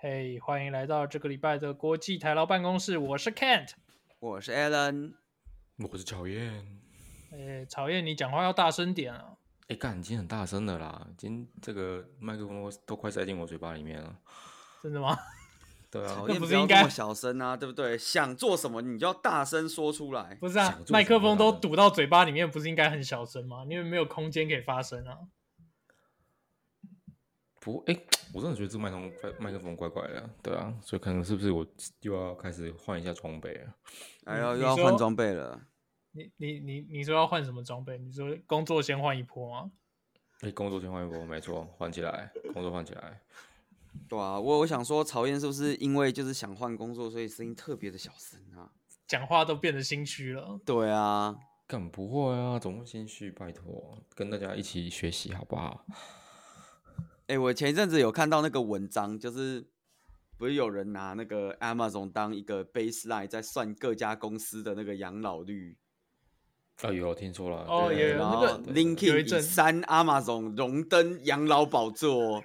嘿，hey，歡迎來到這個禮拜的國際台勞辦公室。我是 Kent，我是 Alan，我是喬燕。呃，喬燕，你講話要大聲點啊！哎、欸，幹，已經很大聲的啦，今天這個麥克風都快塞進我嘴巴裡面了。真的嗎？對啊，不啊那不是應該小聲啊，對不對？想做什麼，你就要大聲說出來。不是啊，麥克風都堵到嘴巴裡面，不是應該很小聲嗎？因為沒有空間可以發聲啊。不，哎，我真的覺得這個麥克麥克風怪怪的啊，對啊，所以可能是不是我又要開始換一下裝備了？哎呀，又要換裝備了！你、你、你、你說要換什麼裝備？你說工作先換一波嗎？哎，工作先換一波，沒錯， 換起來，工作換起來。 對啊，我我想說，曹燕是不是因為就是想換工作，所以聲音特別的小聲啊？講話都變得心虛了。對啊，更不會啊，總不心虛？拜託，跟大家一起學習好不好？哎、欸，我前一陣子有看到那個文章，就是不是有人拿那個 Amazon 當一個 baseline 在算各家公司的那個養老率？哦，有聽說了，對哦，有有那個 LinkedIn 三 Amazon 榮登養老寶座，欸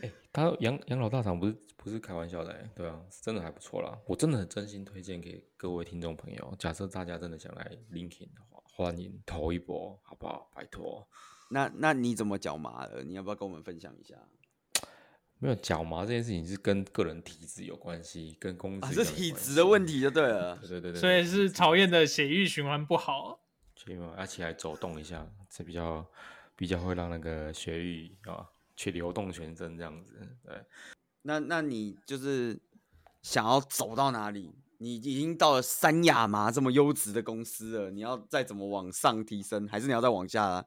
欸、他養養老大廠不是不是開玩笑的，對啊，真的還不錯啦，我真的很真心推薦給各位聽眾朋友，假設大家真的想來 LinkedIn 的話，歡迎投一波，好不好？拜託。那那你怎麼腳麻了？你要不要跟我們分享一下？沒有，腳麻這件事情是跟個人體質有關係，跟公司啊這體質的問題就對了。嗯、對對對對，所以是討厭的血液循環不好，所以要起來走動一下，這比較比較會讓那個血液啊去流動全身這樣子。對，那那你就是想要走到哪裡？你已經到了三亞嘛這麼優質的公司了，你要再怎麼往上提升，還是你要再往下？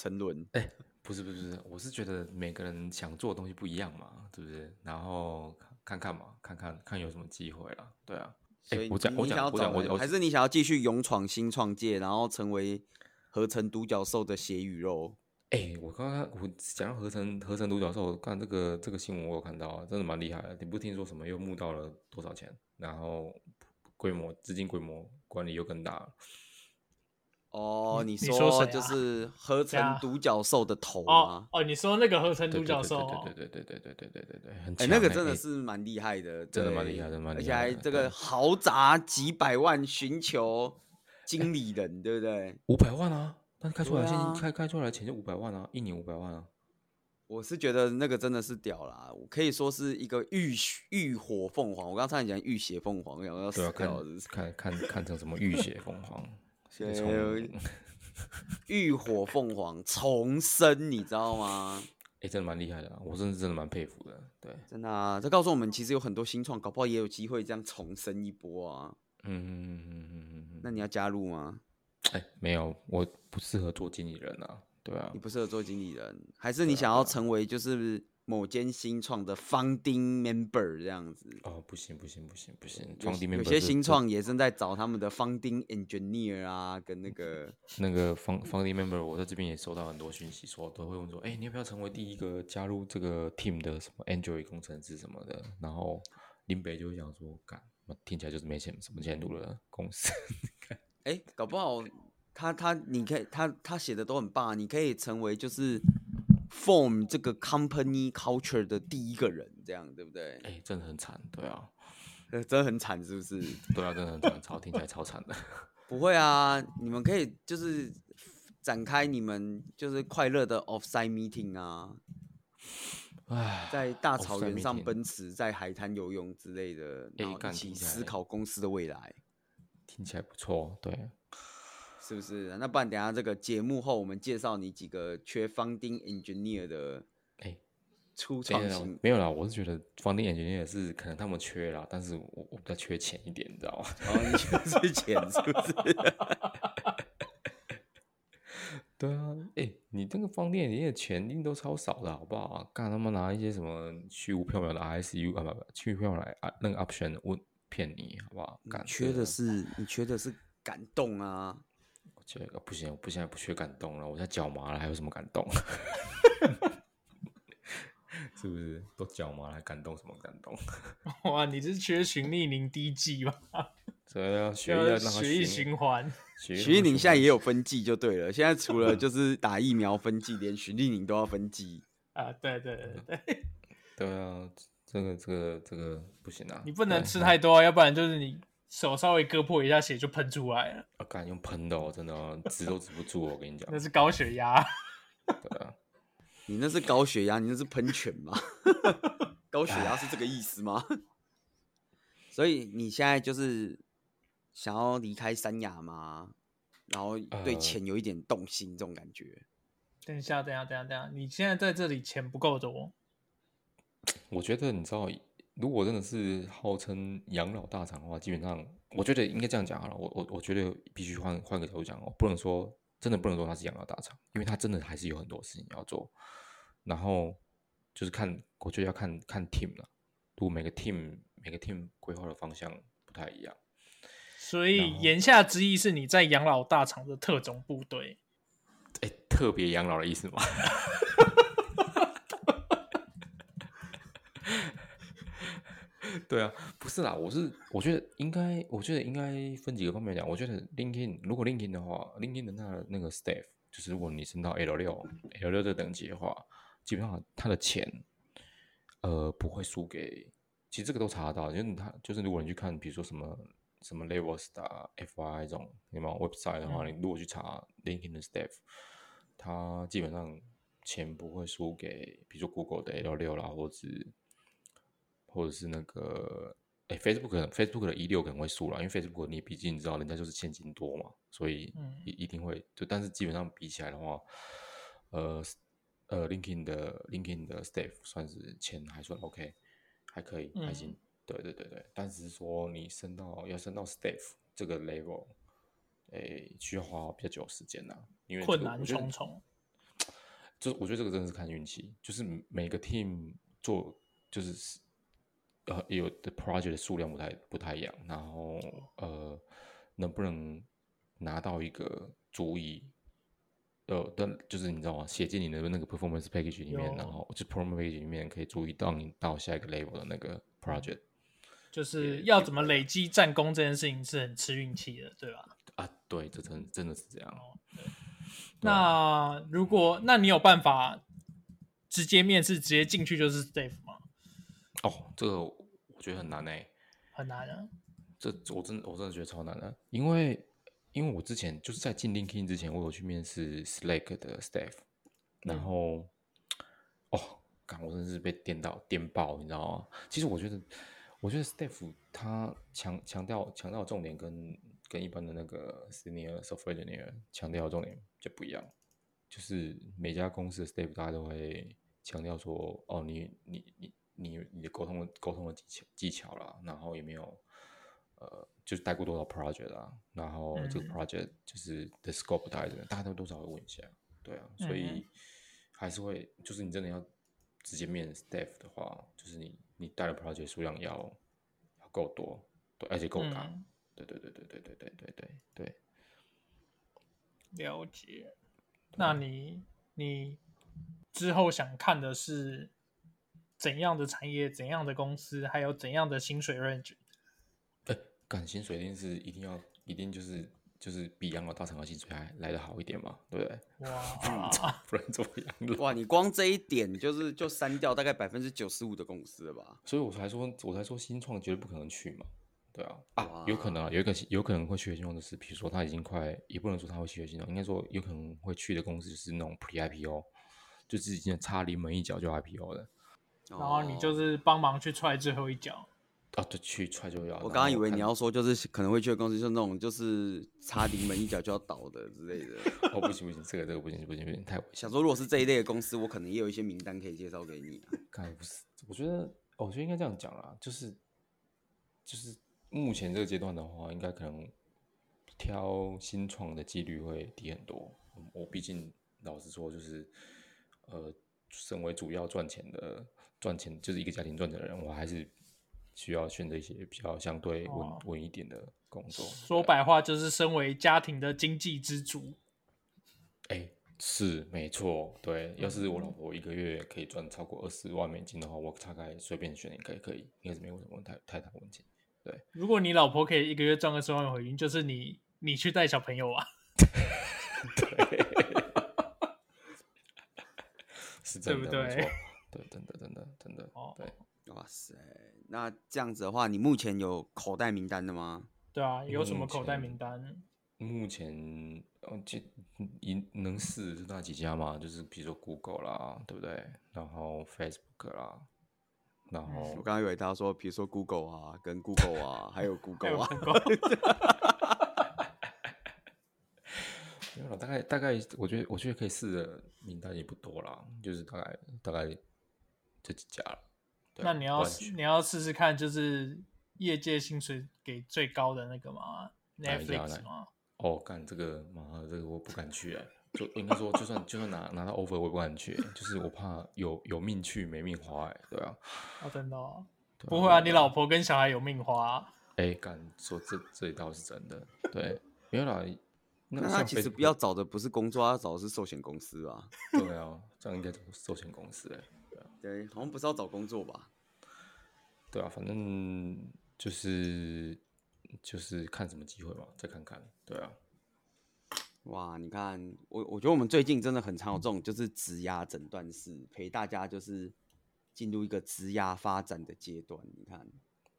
沉淪？哎、欸，不是不是不是，我是覺得每個人想做的東西不一樣嘛，對不對？然後看看嘛，看看看有什麼機會了。對啊，所以你想要，還是你想要繼續勇闖新創界，然後成為合成獨角獸的血與肉？哎、欸，我剛剛我想要合成合成獨角獸，看這個這個新聞我有看到、啊、真的蠻厲害的。你不聽說什麼又募到了多少錢？然後規模資金規模管理又更大了哦，你說就是合成獨角獸的頭嗎？哦、啊，Yeah. Oh, oh, 你說那個合成獨角獸，哦，對，對對對對對對對對對對，很哎、欸欸，那個真的是蠻厲害的，欸、真的蠻厲害的厲害，而且還這個豪宅幾百萬尋求經理人、欸，對不對？五百萬啊，但是開出來錢，開開、啊、出來錢就五百萬啊，一年五百萬啊。我是覺得那個真的是屌啦，我可以說是一個浴浴火鳳凰。我剛才講浴血鳳凰，我要不要、啊？看看看，看成什麼浴血鳳凰。 還有浴火鳳凰重生，你知道嗎？哎、欸，真的蠻厲害的、啊，我真是真的蠻佩服的。對，真的啊，這告訴我們，其實有很多新創，搞不好也有機會這樣重生一波啊。嗯嗯嗯嗯嗯嗯。那你要加入嗎？哎、欸，沒有，我不適合做經理人啊。對啊，你不適合做經理人，還是你想要成為就是？某間新創的 founding member 這樣子哦，不行不行不行不行，有，有，有些新創也正在找他們的 founding engineer 啊，跟那個 那個 founding member，我在這邊也收到很多訊息說，說都會問說，哎、欸，你要不要成為第一個加入這個 team 的什麼 Android 工程師什麼的？然後林北就想說，幹，聽起來就是沒前什麼前途的公司。哎、欸，搞不好他他你可以他他寫的都很棒，啊，你可以成為就是。Form 這個 company culture 的第一個人，這樣對不對？哎、欸，真的很慘，對啊，真的很慘，是不是？對啊，真的很慘，超 聽起來超慘的。不會啊，你們可以就是展開你們就是快樂的 offsite meeting 啊，在大草原上奔馳，在海灘游泳之類的，然後一起思考公司的未來，聽起來不錯，對。是不是？那不然等下這個節目後，我們介紹你幾個缺 founding engineer 的哎，初、欸欸欸、沒有啦。我是覺得 founding engineer 是可能他們缺啦，但是我我比較缺錢一點，你知道嗎？哦、你缺是錢，哈哈哈哈哈。 對啊，哎、欸，你這個 founding engineer 錢一定錢都超少的，好不好、啊？看他們拿一些什麼虛無縹緲的 RSU 啊，不不，虛無縹緲來啊，那個 option 問騙你好不好？感覺缺的是，你缺的是感動啊。不行，我不現在不缺感動了，我現在腳麻了，還有什麼感動？ 是不是都腳麻了？還感動什麼感動？哇，你這是缺循利寧滴劑嗎？所以要學，學一循環，循利寧現在也有分劑，就對了。現在除了就是打疫苗分劑， 連循利寧都要分劑啊！對對對對，都要、啊、這個這個這個不行啊！你不能吃太多、啊，要不然就是你。手稍微割破一下，血就噴出來了。啊，敢用噴的、哦、的，我真的止都止不住。 我跟你講，那是高血壓、 對啊。你那是高血壓，你那是噴泉嗎？ 高血壓是這個意思嗎？ 所以你現在就是想要離開三亞嗎？然後對錢有一點動心、呃、這種感覺？等一下，等一下，等下，等下，你現在在這裡錢不夠多？我覺得你知道。如果真的是號稱養老大廠的話，基本上我覺得應該這樣講好了。我我我覺得必須換換個角度講，哦，不能說真的不能說他是養老大廠，因為他真的還是有很多事情要做。然後就是看，我覺得要看看 team 了，如果每個 team 每個 team 規劃的方向不太一樣，所以言下之意是你在養老大廠的特種部隊，哎，特別養老的意思嗎？ 對啊，不是啦，我是我覺得應該，我覺得應該分幾個方面講。我覺得 LinkedIn 如果 LinkedIn 的話，LinkedIn 的那那個 staff 就是如果你升到 L 六、L 六這等級的話，基本上他的錢呃不會輸給，其實這個都查得到。就是他就是如果你去看，比如說什麼什麼 levels.fyi 這種有沒有 website 的話、嗯，你如果去查 LinkedIn 的 staff，他基本上錢不會輸給，比如說 Google 的 L 六啦，或者。或者是那個，誒、欸、Facebook，Facebook 的 E6 可能會輸了，因為 Facebook，你畢竟你知道，人家就是現金多嘛，所以一一定會，嗯、就但是基本上比起來的話，呃呃，LinkedIn 的 LinkedIn 的 Staff 算是錢還算 OK，還可以、嗯，還行，對對對對，但是說你升到要升到 Staff 這個 level，誒、欸，需要花比較久時間啦，因為困難重重，就是我覺得這個真的是看運氣，就是每個 team 做就是。有的 project 的數量不太不太一樣，然後呃，能不能拿到一個足以呃，的就是你知道嗎？寫進你的那個 performance package 裡面，然後就 performance package 裡面可以足以讓你到下一個 level 的那個 project，就是要怎麼累積戰功這件事情是很吃運氣的，對吧？啊，對，這真真的是這樣。哦，那如果那你有辦法直接面試，直接進去就是 staff 嗎？哦，這個。我覺得很難誒、欸，很難的、啊。這我真的，我真的覺得超難的，因為因為我之前就是在進 LinkedIn 之前，我有去面試 Slack 的 Staff，然後、嗯、哦，幹我真的是被電到電爆，你知道嗎？其實我覺得，我覺得 Staff 他強強調強調重點跟跟一般的那個 Senior Software Engineer 強調重點就不一樣，就是每家公司的 Staff 大家都會強調說，哦，你你你。你你你的溝通溝通的技巧技巧啦，然後也沒有呃，就是帶過多少 project 啦、啊，然後這個 project 就是 the scope 大大家都多少會問一下，對啊，所以還是會、嗯、就是你真的要直接面 staff 的話，就是你你帶的 project 數量要要夠多，對，而且夠大、嗯，對對對對對對對對對對，了解。那你你之後想看的是？怎樣的產業、怎樣的公司，還有怎樣的薪水 range？對，趕薪水一定是一定要一定就是就是比樣的大廠的薪水還來得好一點嘛，對不對？哇， 不然怎麼樣了哇，你光這一點就是就刪掉大概百分之九十五的公司了吧？所以我才說，我才說新創絕對不可能去嘛。對啊，有可能，有可能、啊、有，一個有可能會去新創的是，比如說他已經快，也不能說他會去的新創，應該說有可能會去的公司就是那種 Pre-IPO，就自己已經差臨門一腳就 IPO 了。然後你就是幫忙去踹最後一腳，啊、哦，對，去踹最後一腳。我剛剛以為你要說就是可能會去的公司，就是那種就是插臨門一腳就要倒的之類的。 哦，不行不行，這個這個不行不行不行，太想說，如果是這一類的公司，我可能也有一些名單可以介紹給你。不是，我覺得，我覺得應該這樣講啦，就是就是目前這個階段的話，應該可能挑新創的幾率會低很多。我畢竟老實說，就是呃，身為主要賺錢的。賺錢就是一個家庭賺的人，我還是需要選擇一些比較相對穩、哦、穩一點的工作。說白話就是，身為家庭的經濟支柱。哎，是沒錯，對。要是我老婆一個月可以賺超過二十萬美金的話、嗯，我大概隨便選一個，也可以，應該是沒有什麼太太大問題。對，如果你老婆可以一個月賺二十萬美金，就是你，你去帶小朋友啊。 對， 是真對不對？對，真的，真的，真的哦。對，哇塞，那這樣子的話，你目前有口袋名單的嗎？對啊，有什麼口袋名單？目前就能試就那幾家嘛，就是比如說 Google 啦，對不對？然後 Facebook 啦，然後、嗯、我剛剛以為大家說，比如說 Google 啊，跟 Google 啊， 還有 Google 啊， 沒有了。大概大概，我覺得我覺得可以試的名單也不多啦，就是大概大概。就幾家對，那你要你要試試看，就是業界薪水給最高的那個嗎？Netflix 嗎？哦，幹這個媽，這個我不敢去哎、欸，就應該說，就算， 就、算就算拿拿到 offer，我不敢去、欸，就是我怕有有命去沒命花哎、欸，對啊，哦、真的、哦、啊，不會啊，啊，你老婆跟小孩有命花、啊，哎、欸，敢說這這倒是真的，對，沒有啦，那個、他其實要找的不是工作，他要找的是壽險公司啊，對啊，這樣應該都是壽險公司哎、欸。對，好像不是要找工作吧？對啊，反正就是就是看什麼機會吧，再看看。對啊。哇，你看，我我覺得我們最近真的很常有這種，就是職涯診斷室陪大家，就是進入一個職涯發展的階段。你看，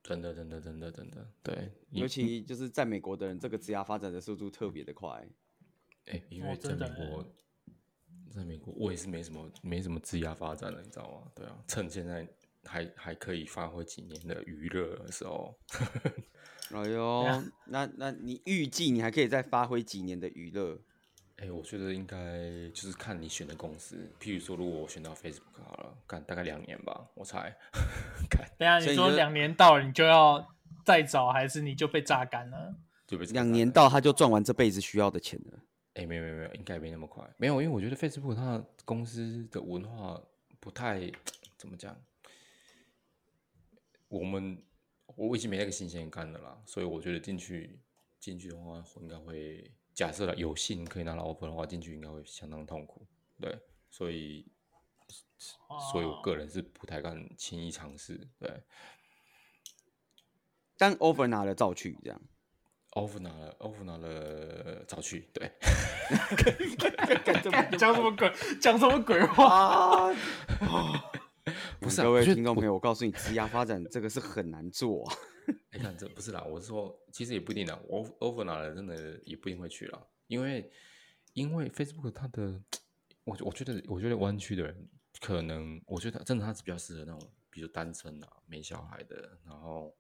真的，真的，真的，真的，對。對尤其就是在美國的人，這個職涯發展的速度特別的快。哎、嗯欸，因為在美國、哦。在美國，我也是沒什麼沒什麼職涯發展的，你知道嗎？對啊，趁現在還還可以發揮幾年的娛樂的時候。 哎喲那那你預計你還可以再發揮幾年的娛樂？哎、欸，我覺得應該就是看你選的公司。譬如說，如果我選到 Facebook 好了，幹大概兩年吧，我猜。 等一下你，你說兩年到了，你就要再找，還是你就被榨乾了？兩年到他就賺完這輩子需要的錢了。沒有沒沒沒，應該沒那麼快。沒有，因為我覺得 Facebook 它公司的文化不太怎麼講。我們我已經沒那個新鮮感了啦，所以我覺得進去進去的話，應該會假設了有幸可以拿到 offer 的話，進去應該會相當痛苦。對，所以所以，我個人是不太敢輕易嘗試。對，但 offer 拿了，照去這樣。offer 拿了，offer 拿了，早去，對。講什麼鬼？講什麼鬼話？ 鬼話 哇 不是、啊，各位聽眾朋友，我， 我告訴你，職涯發展這個是很難做。哎、 欸，但這不是啦，我是說，其實也不一定啦。offer offer 拿了，真的也不一定會去啦，因為因為 Facebook 它的，我覺我覺得我覺得灣區的人可能，我覺得真的他是比較適合那種，比如單身啊、沒小孩的，然後。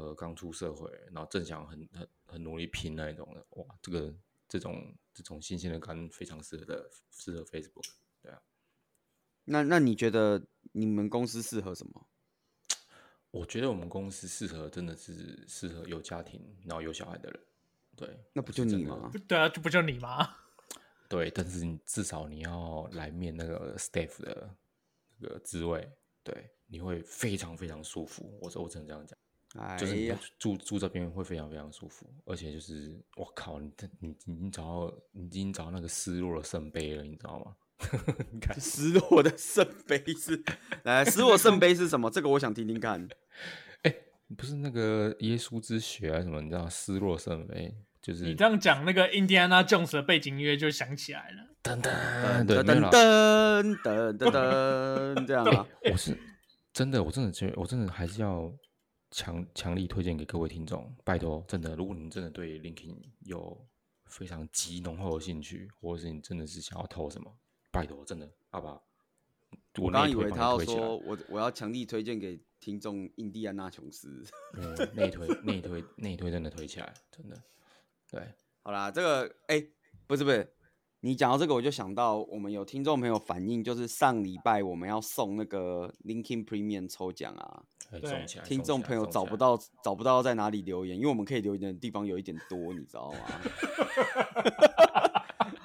呃，剛出社會，然後正想很很很努力拼那一種的，哇，這個這種這種新鮮的感非常適合的，適合 Facebook。對啊，那那你覺得你們公司適合什麼？我覺得我們公司適合的真的是適合有家庭，然後有小孩的人。對，那不就你嗎？對啊，這不就你嗎？對，但是你至少你要來面那個 staff 的那個職位，對，你會非常非常舒服。我說，我只能這樣講。就是住、哎、呀住，住這邊會非常非常舒服，而且就是我靠，你你你找到你已經找到那個失落的聖杯了，你知道嗎？ 你看失落的聖杯是來，來失落聖杯是什麼？ 這個我想聽聽看。哎、欸，不是那個耶穌之血啊什麼？你知道失落聖杯就是你這樣講那個印第安納瓊斯的背景音樂就響起來了，噔噔噔噔噔噔噔，這樣嗎？啊欸？我是真的，我真的覺得我真的還是要。強強力推薦給各位聽眾，拜託，真的，如果你真的對 LinkedIn 有非常極濃厚的興趣，或者是你真的是想要投什麼，拜託，真的，好不好？我剛以為他要說，他要說我我要強力推薦給聽眾，印第安納瓊斯，內推內推內推，推 推真的推起來，真的，對，好啦，這個，哎、欸，不是不是。你講到這個，我就想到我們有聽眾朋友反映，就是上禮拜我們要送那個 LinkedIn Premium 抽獎啊，聽眾朋友找不到找不到在哪裡留言，因為我們可以留言的地方有一點多， 你知道嗎？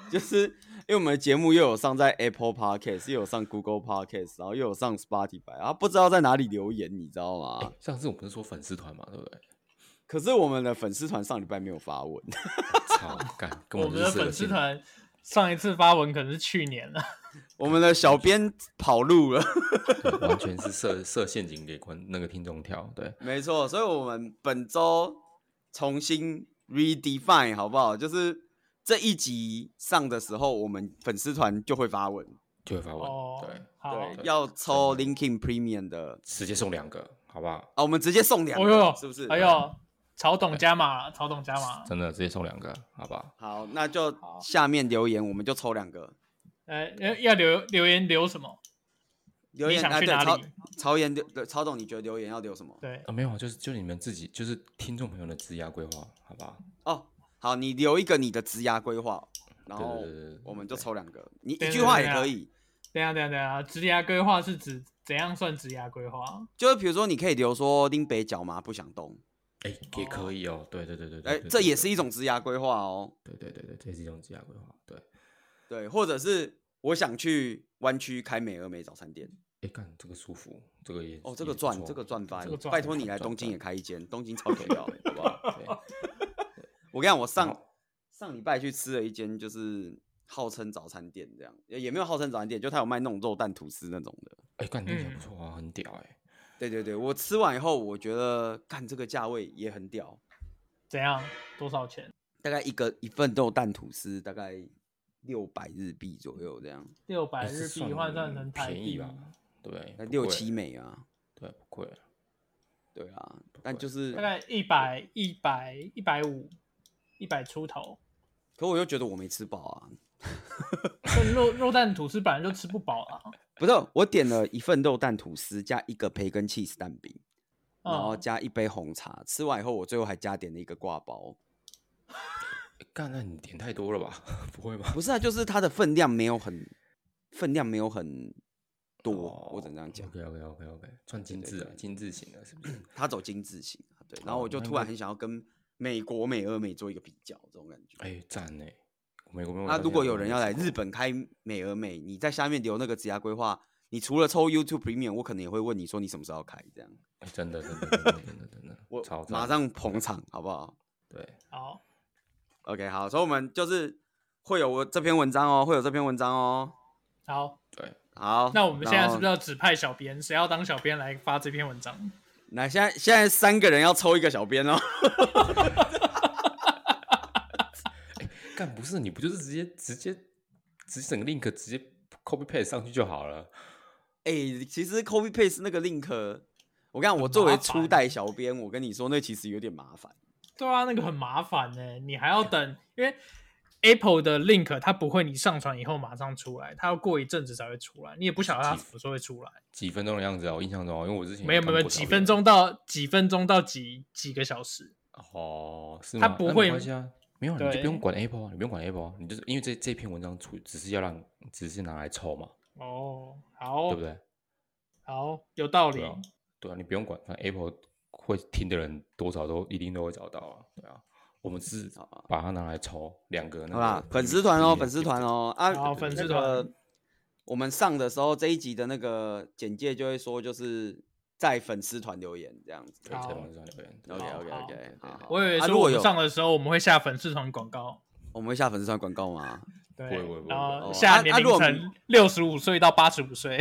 就是因為我們的節目又有上在 Apple Podcast，又有上 Google Podcast，然後又有上 Spotify，然後不知道在哪裡留言，你知道嗎？上次我們不是說粉絲團嘛，對不對？可是我們的粉絲團上禮拜沒有發文，超幹，我們的粉絲團。上一次發文可能是去年了 我們的小編跑路了， 完全是設設陷阱給觀那個聽眾跳，對，沒錯，所以我們本周重新 redefine 好不好？就是這一集上的時候，我們粉絲團就會發文，就會發文，oh, 對好，對，要抽 LinkedIn Premium 的，的直接送兩個，好不好？啊，我們直接送兩個，oh, yo, yo, 是不是？哎呦。嗯曹董加碼，曹董加碼，真的直接抽兩個，好不好？好，那就下面留言，我們就抽兩個、呃。要留留言留什麼？留言啊，對，曹言曹，曹董，你覺得留言要留什麼？對啊，沒有，就是就你們自己，就是聽眾朋友的職涯規劃，好吧？哦，好，你留一個你的職涯規劃，然後我們就抽兩個，對對對對對，你一句話也可以。對啊，對啊，對，對，對啊，職涯規劃是指怎樣算職涯規劃？就是比如說，你可以留說拎北角嘛，不想動。哎、欸，也可以、喔、哦，對對對對對，哎，這也是一種職涯規劃哦。對對對對，這是一種職涯規劃，對對，或者是我想去灣區開美而美早餐店。哎、欸，幹這個舒服，這個也哦、喔，這個賺，這個賺翻、這個，拜託你來東京也開一間、這個，東京超好？ 對吧？我跟你講，我上、嗯、上禮拜去吃了一間，就是號稱早餐店，這樣也沒有號稱早餐店，就他有賣那種肉蛋吐司那種的。哎、欸，感覺也不錯啊、嗯，很屌哎、欸。對對對，我吃完以後，我覺得幹這個價位也很屌。怎樣？多少錢？大概一個一份肉蛋吐司，大概六百日幣左右這樣。六百日幣換算成台幣吧。對，那六七美啊。對，不貴。對啊，但就是大概一百一百一百五，一百出頭。可我又覺得我沒吃飽啊。 肉肉蛋吐司本來就吃不飽了，啊， 不是我點了一份肉蛋吐司加一個培根起司蛋餅，然後加一杯紅茶。吃完以後，我最後還加點了一個掛包。幹，那你點太多了吧？不會吧？不是啊，就是它的分量沒有很分量沒有很多。哦、我只能這樣講。OK OK OK OK，算精緻了，精緻型的，是不是？ 他走金字型啊，對。對。然後我就突然很想要跟美國、美俄美做一個比較，哦欸、這種感覺。哎、欸，讚呢？美國。那如果有人要來日本開美而美，你在下面留那個職涯規劃，你除了抽 YouTube Premium，我可能也會問你說你什麼時候開這樣。真的真的真的真的，我操，馬上捧場好不好？對，好，OK，好，所以我們就是會有我這篇文章哦，會有這篇文章哦。好，對，好，那我們現在是不是要指派小編？誰要當小編來發這篇文章？那現在現在三個人要抽一個小編哦。 但不是，你不就是直接直接只整個 link 直接 copy paste 上去就好了？哎、欸，其實 copy paste 那個 link，我跟你講，我作為初代小編，我跟你說，那其實有點麻煩。對啊，那個很麻煩呢、欸，你還要等、嗯，因為 Apple 的 link 它不會，你上傳以後馬上出來，它要過一陣子才會出來，你也不曉得它什麼時候會出來。幾，幾分鐘的樣子啊，我印象中，因為我之前沒有沒有，沒有幾分鐘到，到幾分鐘到幾幾個小時哦，是嗎？它不會沒有、啊，你就不用管 Apple，、啊、你不用管 Apple，、啊、你就是因為這這篇文章出，只是要讓，只是拿來抽嘛。哦，好，對不對？好，有道理。對啊，對啊，你不用管，反正 Apple 會聽的人多少都一定都會找到啊。對啊，我們是把它拿來抽、啊、兩個，、那個，好吧？粉絲團哦，粉絲團哦啊，好啊對對對粉絲團、那個嗯。我們上的時候這一集的那個簡介就會說，就是。在粉絲團留言這樣子，對，在粉絲團留言，OK OK OK。我以為說我上的時候我們會下粉絲團廣告，我們會下粉絲團廣告嗎？對對對、哦，下年。啊！如果六十五歲到八十五歲，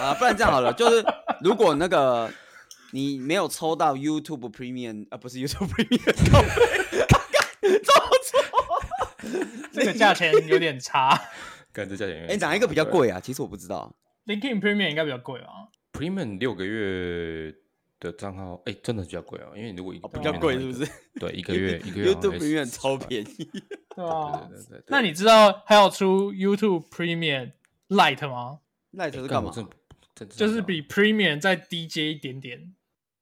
啊，不然這樣好了，就是如果那個 你沒有抽到 YouTube Premium 啊，不是 YouTube Premium，搞 錯， 抽 這個價錢有點差，感覺價錢哎、欸，哪一個比較貴啊？其實我不知道，LinkedIn Premium 應該比較貴吧。Premium 六個月的賬號，哎、欸，真的比較貴哦、喔。因為如果一個、喔、比較貴是不是？對，一個月 一個月的。YouTube Premium 超便宜。對啊。那你知道還要出 YouTube Premium Lite 嗎 Lite 是幹嘛,、欸嘛？就是比 Premium 再低階一點點。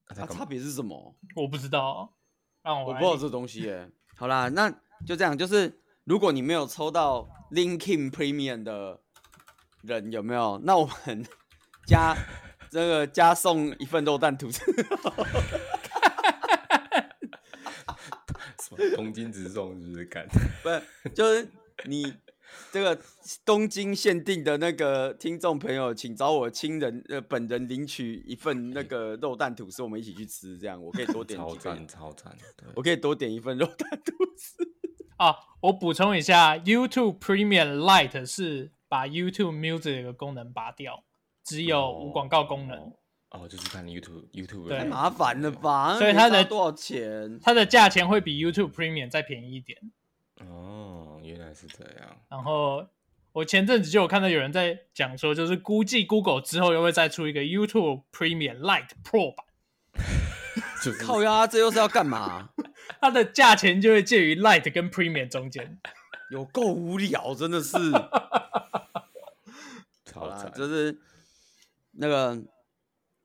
啊、它差別是什麼？我不知道。讓我我不知道這東西耶。好啦，那就這樣。就是如果你沒有抽到 LinkedIn Premium 的人有沒有？那我們加。 這個加送一份肉蛋吐司 什麼東京直送是不是幹？ 不是，就是你這個東京限定的那個聽眾朋友，請找我親人呃本人領取一份那個肉蛋吐司，我們一起去吃，這樣我可以多點一份超讚超讚，我可以多點一份肉蛋吐司啊！我補充一下，YouTube Premium Lite 是把 YouTube Music 的功能拔掉。只有無廣告功能哦，哦，就是看 YouTube YouTube 太麻煩了吧，哦。所以它的多少錢？它的價錢會比 YouTube Premium 再便宜一點。哦，原來是這樣。然後我前陣子就有看到有人在講說，就是估計 Google 之後又會再出一個 YouTube Premium Lite Pro 版。 就是，靠呀，這又是要幹嘛？ 它的價錢就會介於 Lite 跟 Premium 中間，有夠無聊，真的是。好 啦，啊，就是。那個，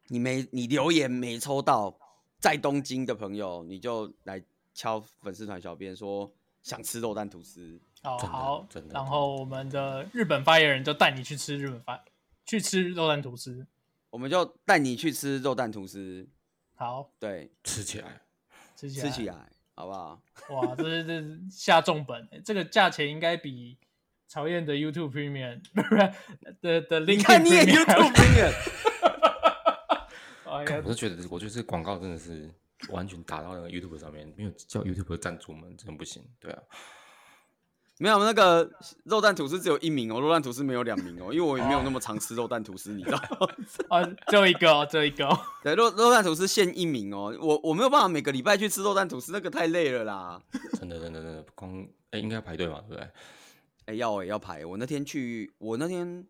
你沒你留言沒抽到在東京的朋友，你就來敲粉絲團小編說想吃肉蛋吐司。哦，好，真的。然後我們的日本發言人就帶你去吃日本飯，去吃肉蛋吐司。我們就帶你去吃肉蛋吐司。好，對，吃起來，吃起來，吃起來，好不好？哇，這這是下重本， 欸、這個價錢應該比。討厭的 YouTube Premium，不的的零，你看你也 YouTube Premium。我是覺得，我就是廣告真的是完全打到那個 YouTube 上面，沒有叫 YouTube 贊助嘛，真的不行。對啊，沒有那個肉蛋吐司只有一名哦，肉蛋吐司沒有兩名哦，因為我也沒有那麼常吃肉蛋吐司，oh. 你知道？啊，最後一個，最後一個。對，肉肉蛋吐司限一名哦，我我沒有辦法每個禮拜去吃肉蛋吐司，那個太累了啦。真的真的真的，光哎、欸、應該要排隊嘛，對不對？哎、欸，要哎、欸、要排，我那天去，我那天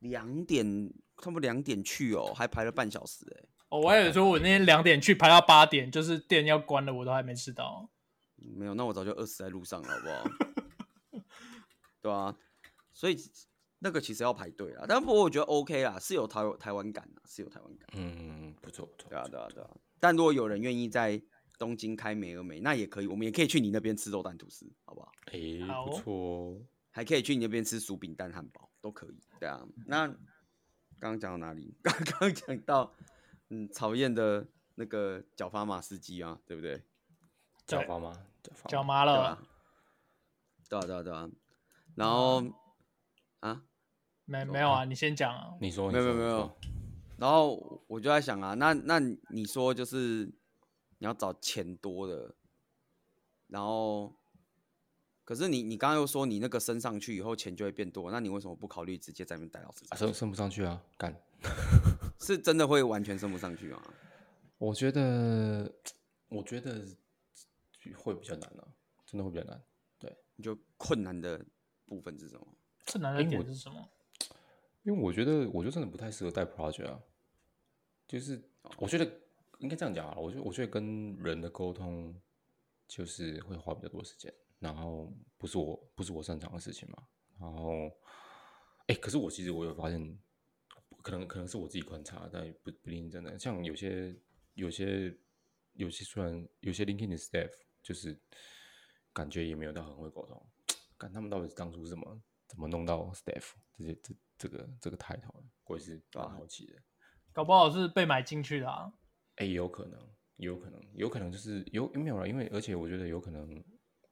兩點，差不多兩點去哦、喔，還排了半小時哎、欸。哦、喔，我還以為說，我那天兩點去，排到八點，就是店要關了，我都還沒吃到。沒有，那我早就餓死在路上了，好不好？ 對啊，所以那個其實要排隊啊。但不過我覺得 OK 啦，是有台台灣感啊，是有台灣感。嗯，不錯不錯，不錯。對啊對啊對啊，對啊，但如果有人願意在東京開美而美，那也可以，我們也可以去你那邊吃肉蛋吐司，好不好？哎、欸，不錯哦。還可以去你那邊吃薯餅蛋漢堡，都可以。對啊，那剛剛講到哪裡？剛剛講到，嗯，討厭的那個腳發馬司機啊，對不對？腳發麻？腳發麻，腳麻了對啊。對啊對啊對啊。嗯，然後啊，沒沒有啊，你先講啊。你說。你說你說沒有沒有沒有。然後我就在想啊，那那你說就是你要找錢多的，然後。可是你，你剛剛又說你那個升上去以後錢就會變多，那你為什麼不考慮直接在裡面待到升？升、啊、升不上去啊？幹， 是真的會完全升不上去嗎？我覺得，我覺得會比較難了、啊，真的會比較難。對，你就困難的部分是什麼？困難的一點是什麼？因為我，因為我覺得，我就真的不太適合帶 project 啊。就是我覺得應該這樣講啊，我覺我覺得跟人的溝通就是會花比較多時間。然後不是我不是我擅長的事情嘛。然後，哎，可是我其實我有發現，可能可能是我自己觀察，但不不一定真的。像有些有些有些雖然有些 LinkedIn 的 staff，就是感覺也沒有到很會溝通。看他們到底是當初怎麼怎麼弄到 staff 這些這這個這個 title，我也是蠻好奇的。啊，搞不好是被買進去的，啊，哎，有可能，有可能，有可能就是有有沒有了？因為而且我覺得有可能。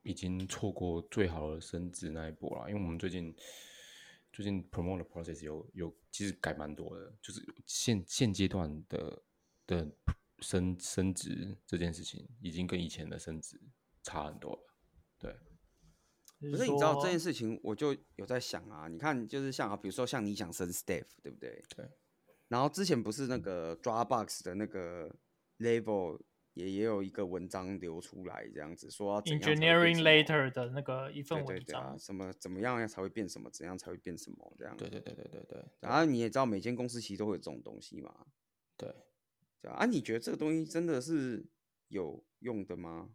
已經錯過最好的升職那一波了，因為我們最近最近 promote process 有有其實改蠻多的，就是現現階段的的升升職這件事情，已經跟以前的升職差很多了。對，不是你知道這件事情，我就有在想啊，你看就是像啊，比如說像你想升 staff 對不對？對，然後之前不是那個 Dropbox 的那個 level。也也有一個文章流出來，這樣子說 Engineering later 的那個一份文章，什麼怎麼樣樣才會變什麼，怎樣才會變什麼這樣。對對對對對對。然後你也知道，每間公司其實都有這種東西嘛。對。對啊，啊，你覺得這個東西真的是有用的嗎？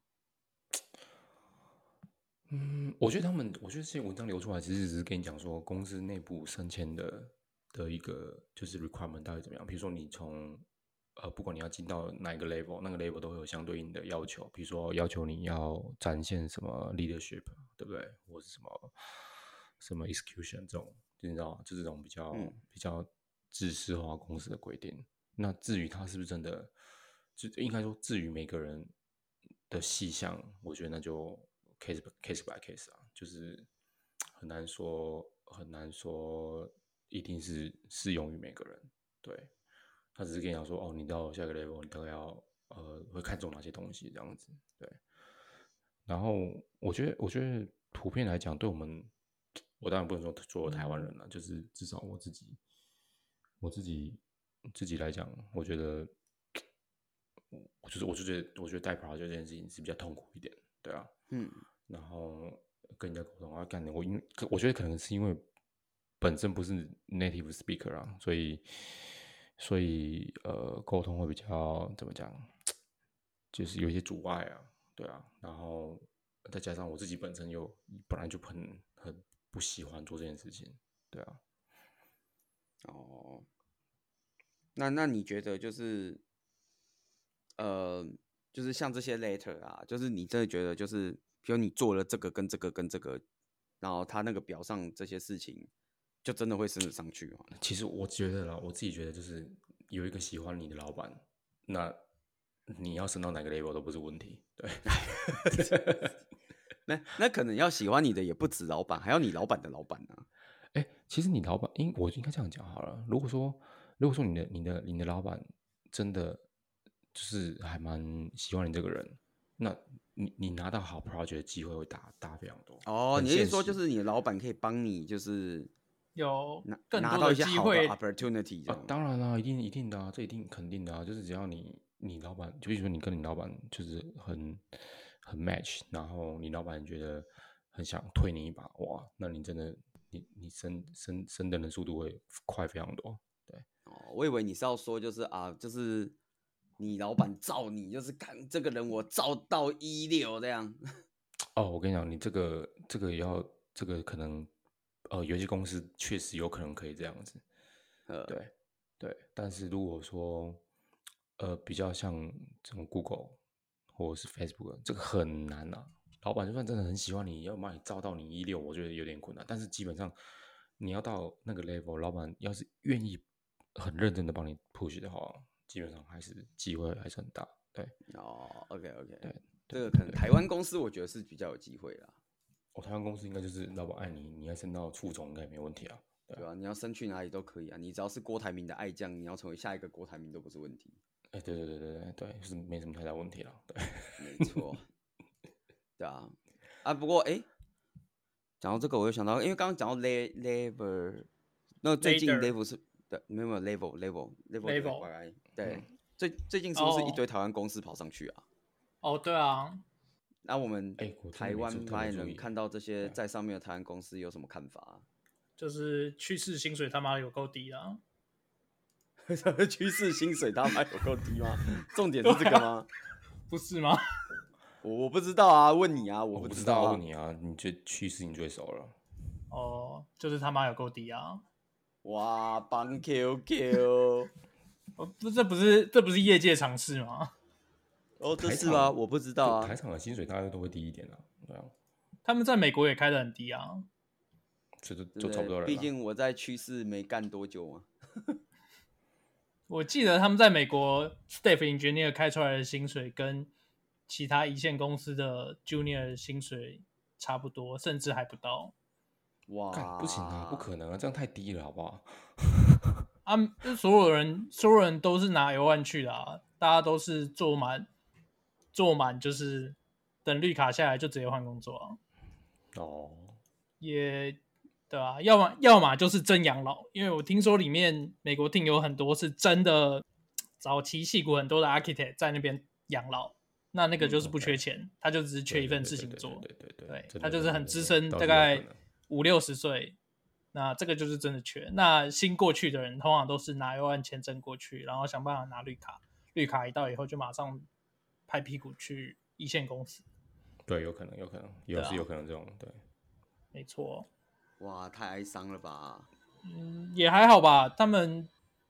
嗯，我覺得他們，我覺得這些文章流出來，其實只是跟你講說公司內部升遷的的一個就是 requirement 到底怎麼樣。比如說你從呃，不管你要進到哪一個 level，那個 level 都會有相對應的要求，比如說要求你要展現什麼 leadership，對不對？或是什麼什麼 execution 這種，你知道，就這種比較、嗯、比較制式化公司的規定。那至於他是不是真的，就應該說，至於每個人的細項，我覺得那就 case by, case by case 啊，就是很難說，很難說一定是適用於每個人，對。他只是跟你講說，說，哦，你到下個 level，你大概要呃，會看中哪些東西這樣子。對，然後我覺得，我覺得普遍來講，對我們，我當然不能說所有台灣人了、嗯，就是至少我自己，我自己自己來講，我覺得，我就是，我就覺得，我覺得帶 project 這件事情是比較痛苦一點，對啊，嗯、然後跟人家溝通啊，可能我因，我覺得可能是因為本身不是 native speaker 啊，所以。所以，呃，溝通會比較怎麼講，就是有一些阻礙啊，對啊，然後再加上我自己本身又本來就很很不喜歡做這件事情，對啊。哦，那那你覺得就是，呃，就是像這些 letter 啊，就是你真的覺得就是，比如你做了這個跟這個跟這個，然後他那個表上這些事情。就真的會升得上去嗎？哦？其實我覺得啦，我自己覺得就是有一個喜歡你的老闆，那你要升到哪個 level 都不是問題。對， 那那可能要喜歡你的也不止老闆，還要你老闆的老闆呢、啊。哎、欸，其實你老闆，應、欸、我應該這樣講好了。如果說，如果說你的、你的、你的老闆真的就是還蠻喜歡你這個人，那你你拿到好 project 的機會會大，大非常多。哦，你意思說就是你的老闆可以幫你，就是。有更多會拿到一些好的 opportunity，啊啊、當然啦，一定一定的啊，這一定肯定的啊，就是只要你你老闆，就比如說你跟你老闆就是很很 match，然後你老闆覺得很想推你一把，哇，那你真的你你升升升等的速度會快非常多，對。哦，我以為你是要說就是啊，就是你老闆罩你，就是看這個人我罩到一流這樣。哦，我跟你講，你這個這個要這個可能。呃，有些公司確實有可能可以這樣子，呃，對，對，但是如果說，呃，比較像這種 Google 或者是 Facebook，這個很難啊，老闆就算真的很喜歡你，要幫你招到你一流，我覺得有點困難。但是基本上，你要到那個 level，老闆要是願意很認真的幫你 push 的話，基本上還是機會還是很大。對，哦，OK，OK，okay, okay 對，對，對。這個可能台灣公司我覺得是比較有機會啦、啊。我、哦、台灣公司應該就是老闆愛你，你要升到副總應該也沒問題啊，啊。對啊，你要升去哪裡都可以啊，你只要是郭台銘的愛將，你要成為下一個郭台銘都不是問題。哎、欸，對對對對對對，是沒什麼太大問題了。沒錯， 對啊，啊不過哎，講、欸、到這個我就想到，因為剛剛講到 level，level 那最近 level 是對沒有沒有 level, level level level 對最、嗯、最近是不是一堆台灣公司跑上去啊？哦、oh. oh，對啊。那我們台灣，他能看到這些在上面的台灣公司有什麼看法？就是趨勢薪水他媽有夠低啊！什麼趨勢薪水他媽有夠低嗎？重點是這個嗎？啊、不是嗎我？我不知道啊，問你啊，我不知道、啊，知道問你啊，你最趨勢你最熟了。哦，就是他媽有夠低啊！哇幫 q q，我不，這不是這不是業界常識嗎？哦，這是嗎，我不知道啊。台廠的薪水大概都會低一點的，啊，對啊。他們在美國也開得很低啊，其實就，就差不多了。畢竟我在趨勢沒幹多久嘛。 我記得他們在美國 Staff Engineer 開出來的薪水跟其他一線公司的 junior 的薪水差不多，甚至還不到。哇，不行啊，不可能啊，這樣太低了，好不好？ 啊，所有人，所有人都是拿一萬去的啊，大家都是做滿。做滿就是等綠卡下來就直接換工作哦，也對啊，要麼要麼就是真養老，因為我聽說裡面美國定有很多是真的早期戲骨很多的 architect 在那邊養老，那那個就是不缺錢，他就只是缺一份事情做。對對對，他就是很資深，大概五六十歲。那這個就是真的缺。那新過去的人通常都是拿 H1B 簽證過去，然後想辦法拿綠卡，綠卡一到以後就馬上。拍屁股去一線公司，對，有可能，有可能，有，是有可能這種，對，啊，對，沒錯。哇，太哀傷了吧？嗯，也還好吧。他們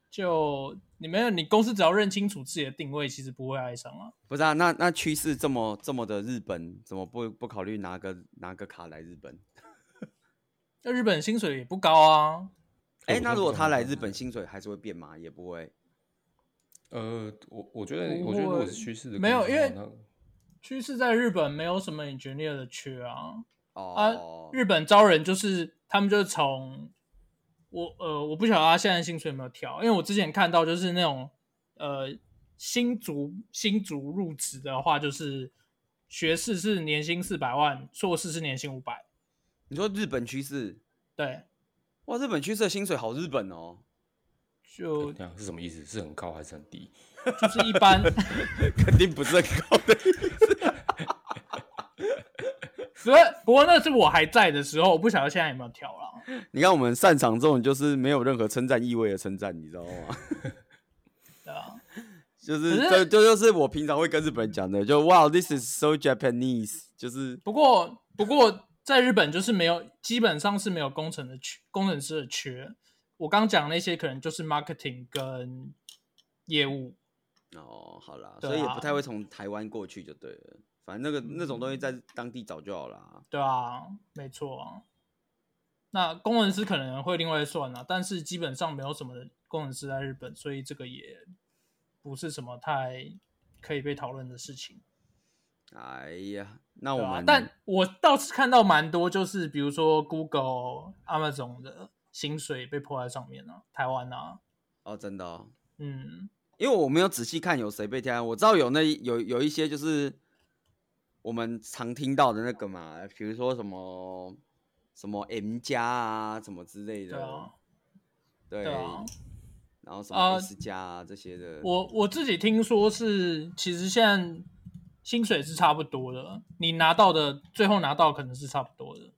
就你沒有，你公司只要認清楚自己的定位，其實不會哀傷啊。不是啊，那那趨勢這麼這麼的日本，怎麼不不考慮拿個拿個卡來日本？那 日本薪水也不高啊。哎、欸，那如果他來日本，薪水還是會變嗎？也不會。呃，我我覺得，我覺得是我是趨勢的，沒有，因為趨勢在日本沒有什麼你 n g n e r 的缺啊，oh. 啊，日本招人就是他們就是從我呃，我不曉得他現在薪水有沒有調，因為我之前看到就是那種呃新族新族入職的話，就是學士是年薪四百萬，碩士是年薪五百。你說日本趨勢？對，哇，日本趨勢的薪水好日本哦。就是什麼意思？是很高還是很低？就是一般， 肯定不是很高的意思， 不過那是我還在的時候，我不曉得現在有沒有跳了、啊。你看我們擅長這種，就是沒有任何稱讚意味的稱讚，你知道嗎？ 對啊，就是這這就是我平常會跟日本人講的，就 Wow，this is so Japanese。就是不過不過在日本就是沒有基本上是沒有工程的缺工程師的缺。我剛講那些可能就是 marketing 跟業務哦，好啦、啊，所以也不太會從台灣過去就對了，反正那個、嗯、那種東西在當地找就好啦，對啊，沒錯啊。那工程師可能會另外算啊，但是基本上沒有什麼工程師在日本，所以這個也不是什麼太可以被討論的事情。哎呀，那我們、啊、但我倒是看到蠻多，就是比如說 Google、Amazon 的。薪水被潑在上面呢？啊，台灣啊，哦，真的，哦、嗯，因為我沒有仔細看有誰被跳，我知道有那有有一些就是我們常聽到的那個嘛，比如說什麼什麼 M 家啊，什麼之類的，對啊，對，對啊，然後什麼 S 家啊，呃、這些的，我我自己聽說是其實現在薪水是差不多的，你拿到的最後拿到可能是差不多的，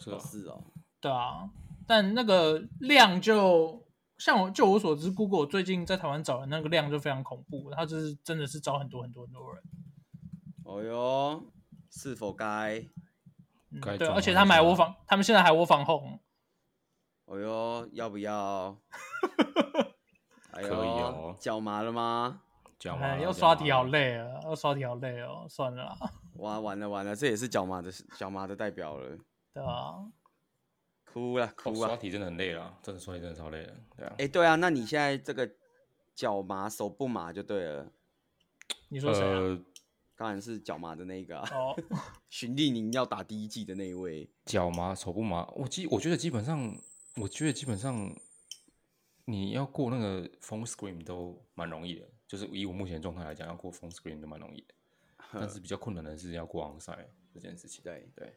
是哦，是啊，對啊。但那個量就像我，就我所知，Google 最近在台灣找的那個量就非常恐怖，他就是真的是找很多很多很多人。哦喲，是否該、嗯？對，而且他買我房，他們現在還無房後。哦喲，要不要？ 哎、可以哦。腳麻了嗎？要、哎、刷題好累啊！要刷題好累哦，算了哇。完完了完了，這也是腳麻的腳麻的代表了。 對啊。哭了、oh, 哭啊！刷題真的很累了、啊，真的刷題真的超累了，對啊。哎、欸，對啊，那你現在這個腳麻手不麻就對了。你說誰啊？當、呃、然是腳麻的那一個哦、啊，荀立寧要打第一季的那一位。腳麻手不麻，我基我覺得基本上，我覺得基本上你要過那個 phone screen 都蠻容易的，就是以我目前狀態來講，要過 phone screen 都蠻容易的。但是比較困難的是要過 onsite 這件事情。對對。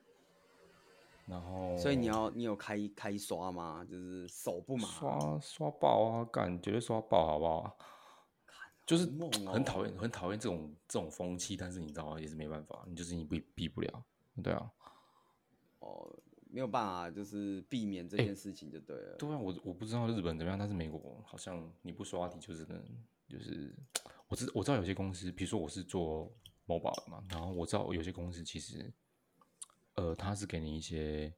然後，所以你要你有開開刷嗎？就是手不麻。刷刷爆啊，感覺刷爆，好不好，看好夢、哦？就是很討厭，很討厭這種這種風氣。但是你知道嗎？也是沒辦法，你就是你避避不了。對啊。哦，沒有辦法，就是避免這件事情就對了。欸、對啊，我我不知道日本怎麼樣，但是美國好像你不刷題就是能就是，我知我知道有些公司，比如說我是做 mobile 嘛，然後我知道有些公司其實。呃，他是給你一些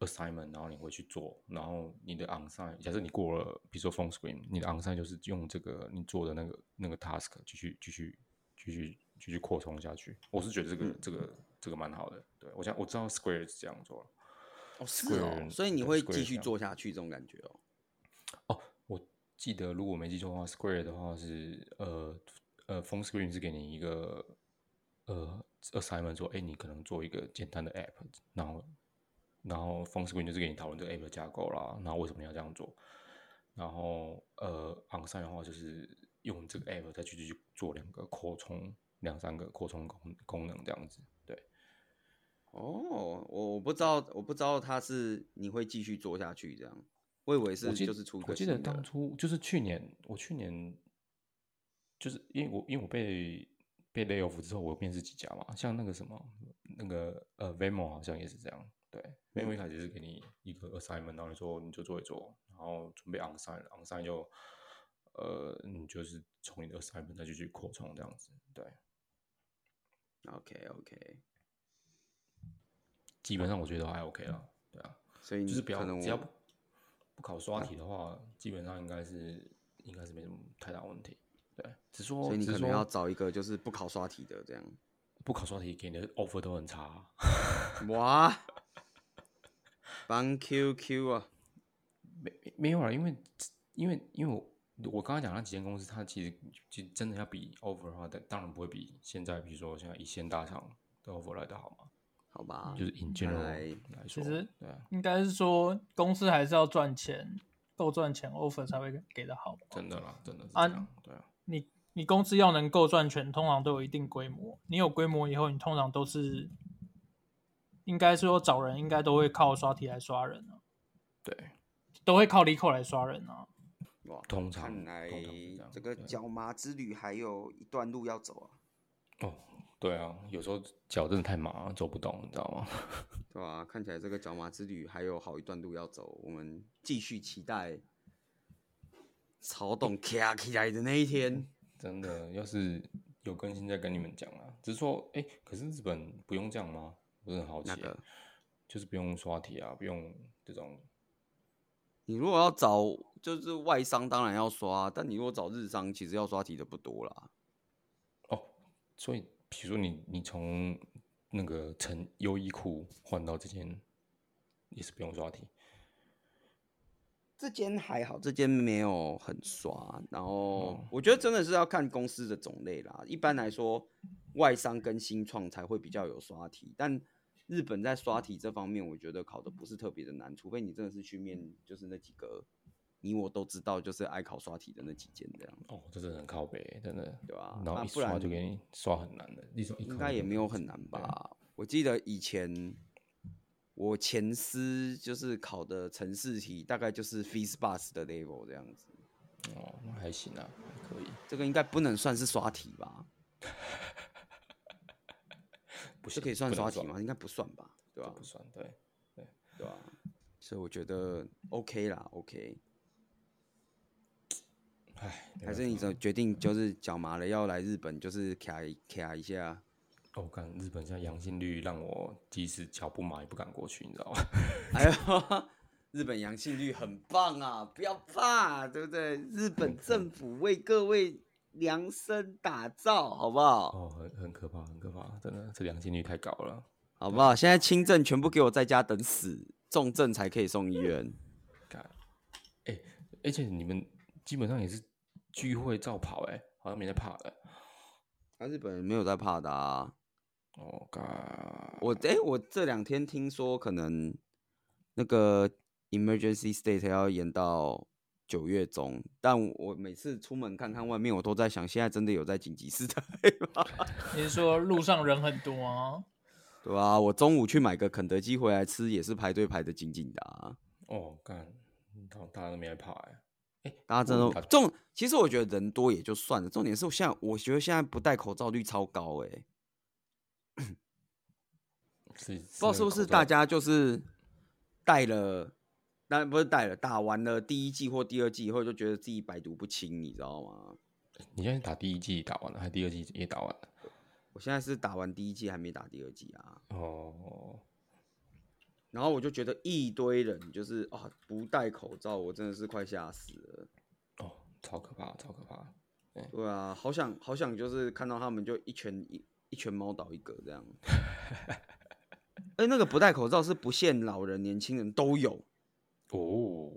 assignment，然後你會去做，然後你的 onsite，假設你過了，比如說 phone screen，你的 onsite 就是用這個你做的那個那個 task 繼續繼續繼續繼續擴充下去。我是覺得這個、嗯、這個這個蠻好的，對，我想我知道 square 是這樣做了。哦 square 是哦，所以你會繼續做下去這種感覺哦。哦，我記得如果沒記錯的話，square 的話是呃呃 phone screen 是給你一個。呃，assignment 說，誒、欸，你可能做一個簡單的 app，然後，然後 phone screen 就是跟你討論這個 app 的架構啦，然後為什麼你要這樣做，然後，呃，on-site 的話就是用這個 app 再繼續做兩個擴充，兩三個擴充功功能這樣子，對。哦，我我不知道，我不知道他是你會繼續做下去這樣，我以為是就是出個，我記得當初就是去年，我去年，就是因為我因為我被。被雷 o f 之後，我面試幾家嘛，像那個什麼，那個呃，Vamo 好像也是這樣，對，Vamo 它是給你一個 assignment，然後你說你就做一做，然後準備 on sign，on sign 就呃，你就是從你的 assignment 再繼續擴充這樣子，對，OK OK，基本上我覺得還 OK 啦，對啊，所以你就是不要只要不不考刷題的話，啊、基本上應該是應該是沒什麼太大問題。對，只說，所以你可能要找一個就是不考刷題的這樣，不考刷題給你的 offer 都很差啊。 哇幫 QQ 啊，沒沒有啊？因為因為因為我我剛剛講那幾間公司，它其實就真的要比 offer 的話，但當然不會比現在比如說像一線大廠的 offer 來的好嘛？好吧，就是引進來來說，其實對啊，應該是說公司還是要賺錢，夠賺錢 offer 才會給的好。真的啦，真的是這樣。啊對啊。你你公司要能夠賺錢，通常都有一定規模。你有規模以後，你通常都是應該說找人，應該都會靠刷題來刷人啊。對，都會靠 LeetCode 來刷人啊。哇，看來，通常是這樣，這個腳麻之旅還有一段路要走啊。哦，對啊，有時候腳真的太麻，走不動，你知道嗎？對啊，看起來這個腳麻之旅還有好一段路要走，我們繼續期待。超動卡起來的那一天、欸，真的，要是有更新再跟你們講啊。只是說，哎、欸，可是日本不用這樣嗎？不是很好奇、那個、就是不用刷題啊，不用這種。你如果要找，就是外商當然要刷，但你如果找日商，其實要刷題的不多啦。哦，所以比如說你，你從那個成優衣庫換到這件，也是不用刷題。這間還好，這間沒有很刷，然後我覺得真的是要看公司的種類啦。哦、一般來說，外商跟新創才會比較有刷題。但日本在刷題這方面，我覺得考的不是特別的難，除非你真的是去面，就是那幾個你我都知道，就是愛考刷題的那幾間這樣。哦，這是很靠北，真的。對吧、啊？然後不然就給你刷很難的。啊、應該也沒有很難吧？我記得以前。我前思就是考的程式題，大概就是 FizzBuzz 的 level 這樣子。哦，那還行啊，可以。這個應該不能算是刷題吧？不 是可以算刷題嗎？應該不算吧？對吧、啊？不算，對，對，對吧、啊？所以我覺得 OK 啦，OK。唉，還是你決定就是腳麻了要來日本，就是卡卡一下。我、哦、看日本現在陽性率，讓我即使腳不麻也不敢過去，你知道嗎？哎呦，日本陽性率很棒啊！不要怕、啊，對不對？日本政府為各位量身打造，嗯嗯、好不好？哦，很很可怕，很可怕，真的，這陽性率太高了，好不好？現在輕症全部給我在家等死，重症才可以送醫院。哎、欸，而且你們基本上也是聚會照跑、欸，好像沒在怕的。啊，日本人沒有在怕的啊。哦、oh，幹！我哎，我這兩天聽說可能那個 emergency state 要延到九月中，但我，我每次出門看看外面，我都在想，現在真的有在緊急事態嗎？你是說路上人很多、啊？ 對啊，我中午去買個肯德基回來吃，也是排隊排的緊緊的。哦、幹！大家都沒怕哎？大家真的、oh、重？其實我覺得人多也就算了，重點是我現在，我覺得現在不戴口罩率超高誒、欸。 不知道是不是大家就是戴了，但不是戴了，打完了第一季或第二季以後，就覺得自己百毒不侵，你知道嗎？你現在打第一季打完了，還第二季也打完了？我現在是打完第一季，還沒打第二季啊。哦、oh。然後我就覺得一堆人就是啊，不戴口罩，我真的是快嚇死了。哦、oh，超可怕，超可怕。Oh. 對啊，好想好想，就是看到他們就一拳一。一拳貓倒一個這樣，哎、 欸，那個不戴口罩是不限老人、年輕人都有哦，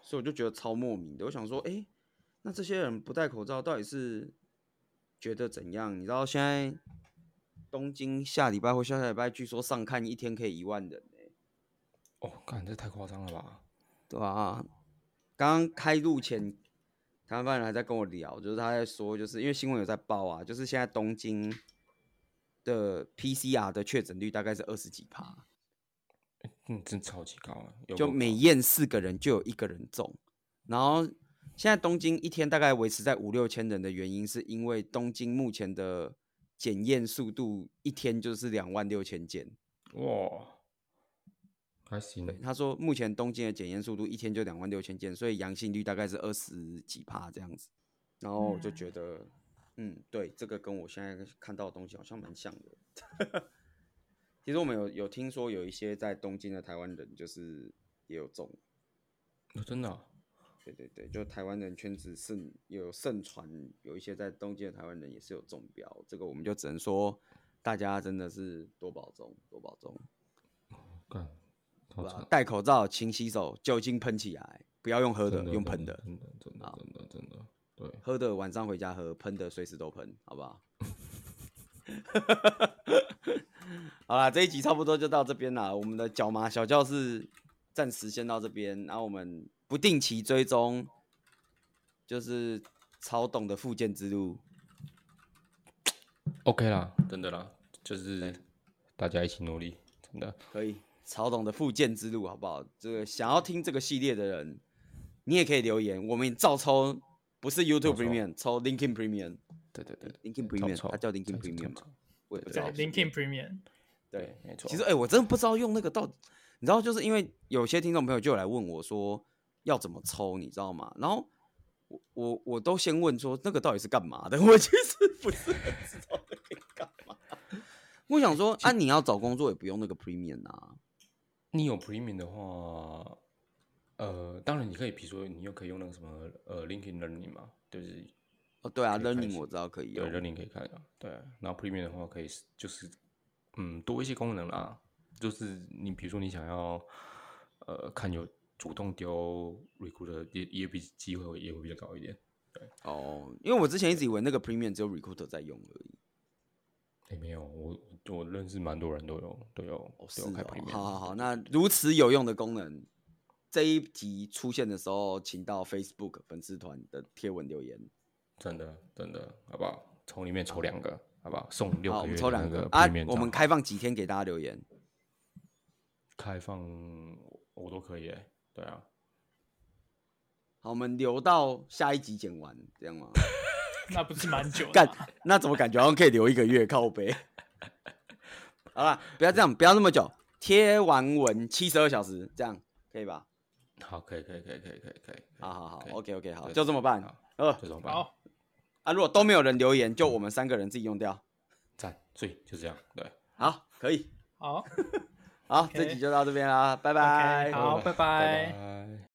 所以我就覺得超莫名的。我想說，哎、欸，那這些人不戴口罩到底是覺得怎樣？你知道現在東京下禮拜或下下禮拜，據說上看一天可以一萬人呢、欸。哦，感覺太誇張了吧？對啊，剛剛開錄前。他們反正還在跟我聊，就是他在說，就是因為新聞有在報啊，就是現在東京的 PCR 的確診率大概是二十幾趴，嗯，真、欸、超級高啊！有有就每驗四個人就有一個人中，然後現在東京一天大概維持在五六千人的原因，是因為東京目前的檢驗速度一天就是兩萬六千件哇。還行。嘞。他說目前東京的檢驗速度一天就兩萬六千件，所以陽性率大概是二十幾趴這樣子。然後我就覺得嗯，嗯，對，這個跟我現在看到的東西好像蠻像的。 其實我們有有聽說有一些在東京的台灣人就是也有中、哦，真的、啊？對對對，就台灣人圈子是有盛傳有一些在東京的台灣人也是有中標，這個我們就只能說大家真的是多保重，多保重。好好戴口罩，勤洗手，酒精噴起來，不要用喝的，真的真的用噴的。真的，真，真，真的，真的，真的。喝的晚上回家喝，噴的隨時都噴，好不好？ 好啦，這一集差不多就到這邊了。我們的腳麻小教室暫時先到這邊，然後我們不定期追蹤，就是超懂的復健之路。OK 啦，真的啦，就是大家一起努力，真的、嗯、可以。曹董的復健之路，好不好？這個想要聽這個系列的人，你也可以留言。我們照抽，不是 YouTube Premium，抽，抽，抽 LinkedIn Premium 對對對。對對對，LinkedIn Premium，他叫 LinkedIn Premium 嗎？我也不知道。LinkedIn Premium，對，沒錯。其實，哎、欸，我真的不知道用那個到，你知道，就是因為有些聽眾朋友就有來問我說要怎麼抽，你知道嗎？然後我我都先問說那個到底是幹嘛的，我其實不是很知道在幹嘛。我想說，按、啊、你要找工作也不用那個 Premium 啊。你有 Premium 的話，呃，當然你可以，比如說，你又可以用那個什麼，呃，LinkedIn Learning 嘛？對不對？哦，對啊，Learning 我知道可以用，對，Learning 可以看啊。對，然後 Premium 的話可以，就是，嗯，多一些功能啦。就是你比如說，你想要，呃，看有主動丟 Recruiter，也也比機會也會比較高一點。對，哦，因為我之前一直以為那個 Premium 只有 Recruiter 在用而已。也沒有我。我認識蠻多人都有，都有，哦、都有開 premium。好好好，那如此有用的功能，這一集出現的時候，請到 Facebook 粉絲團的貼文留言，真的真的，好不好？從裡面抽兩個好，好不好？送六個月，我們抽兩個啊，我們開放幾天給大家留言？開放我都可以、欸，對啊。好，我們留到下一集剪完，這樣嗎？ 那不是蠻久的？幹， 那怎麼感覺好像可以留一個月靠北。 好了，不要這樣，不要那麼久，貼完文七十二小時，這樣可以吧？好，可以，可以，可以，可以，可以，可以，可以、啊、好好好，OK OK，好對對對，就這麼辦，嗯、啊，就這麼辦，好，啊，如果都沒有人留言，就我們三個人自己用掉，讚最就這樣，對，好，可以，好， 好 Okay .，這集就到這邊啦，拜拜，okay, 好 拜拜，拜拜。